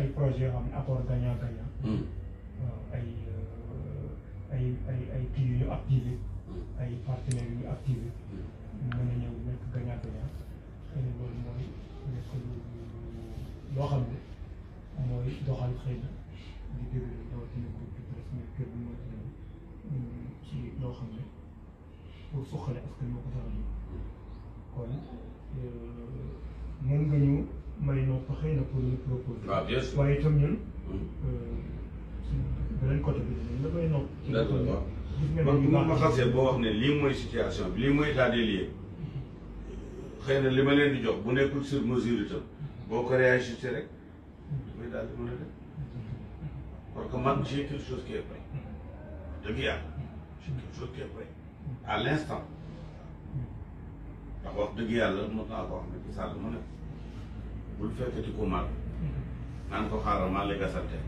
ay projets yoo xam ne accord hmm. euh, euh, ay ay ay ay yu ñu activé. Hmm. ay partenaires yu ñu activé. Hmm. nekk gagnant gagnant xëy loolu mooy nekk lu loo xam ne mooy doxal xëy na di déglu rawatina groupe de presse ci loo xam ne pour suqale askan moo ko tax a jóg euh, ko xëy na pour ñu proposer. waaw ah, bien sûr waaye itam ñun. Hmm. Euh, beneen côté bi dinañ la koy nopp. ci la koy nopp gis nga ne man ma xasee boo wax ne lii mooy situation bi lii mooy état des lieux mm-hmm. xëy na li ma leen di jox bu nekkul sur mesure itam boo ko réajusté rek mm-hmm. damay daal di mën a def mm-hmm. parce que man j'ai quelque chose qui est prêt dëgg yàlla j'ai quelque chose qui est prêt à l'instant ndax wax dëgg yàlla mën naa ko wax ne ci sàll mu ne bul fekkati ku mag naan ko xaaral maa léegi asante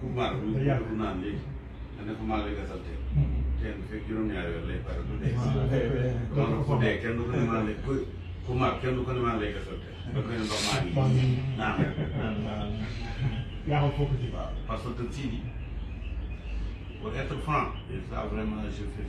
ku mag bu ñu naan léegi da ne ko maa léegi asante kenn hmm. fekk juróom-ñaari weer lay pare du dee man ku dee kenn du ko ne maa léegi ku ku mag kenn du ko ne maa léegi asante da koy ko foofu ci waaw parce que sii di pour être franc et ça vraiment je fais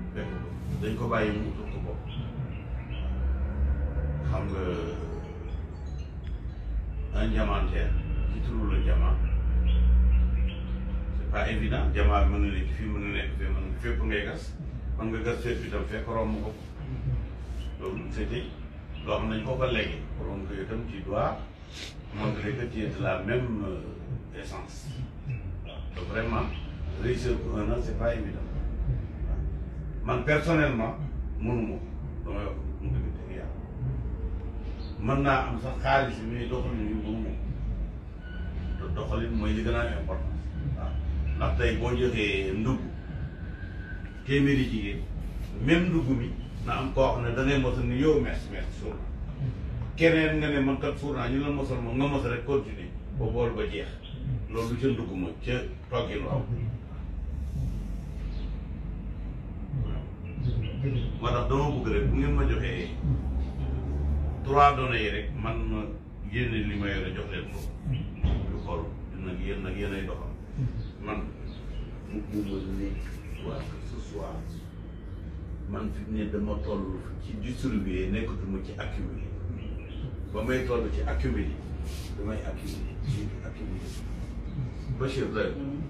dañ ko bàyyi mu utal ko bopp xam nga un diamantaire ci turu la diamant c'est pas évident diamant mën na nekk fii mën na nekk fii mën na fépp ngay gas mën nga gas fépp itam fekk romb ko loolu c'était loo xam nañ ko ko léegi romb ko itam ci doigt montrer que tu es de la même essence donc vraiment réussir pour un an c'est man personnellement mënuma ko damay wax mu dëgg dëgg yàlla mën naa am sax xaalis bi muy doxalin yi mënuma ko te doxalin mooy li gën a importance waaw ndax tey boo joxee ndugg téeméeri jigéen même ndugg mi na am koo xam ne da ngay mos ni yow merci merci suur na keneen nga ne man kat suur naa ñu la mosal moom nga mos rek continuer ba bool ba jeex loolu ca ndugg ma ca toggin waaw moo tax dama bëgg rek bu ngeen ma joxee trois données yi rek man ma génne li ma yore jox leen ko ñu xool nag yéen nag yéen ay doxal man mu buuma nekk quoi que ce soit man fi mu ne dama toll ci distribuer nekkatuma ci accumuler ba may toll ci accumuler damay accumuler accumuler ba chef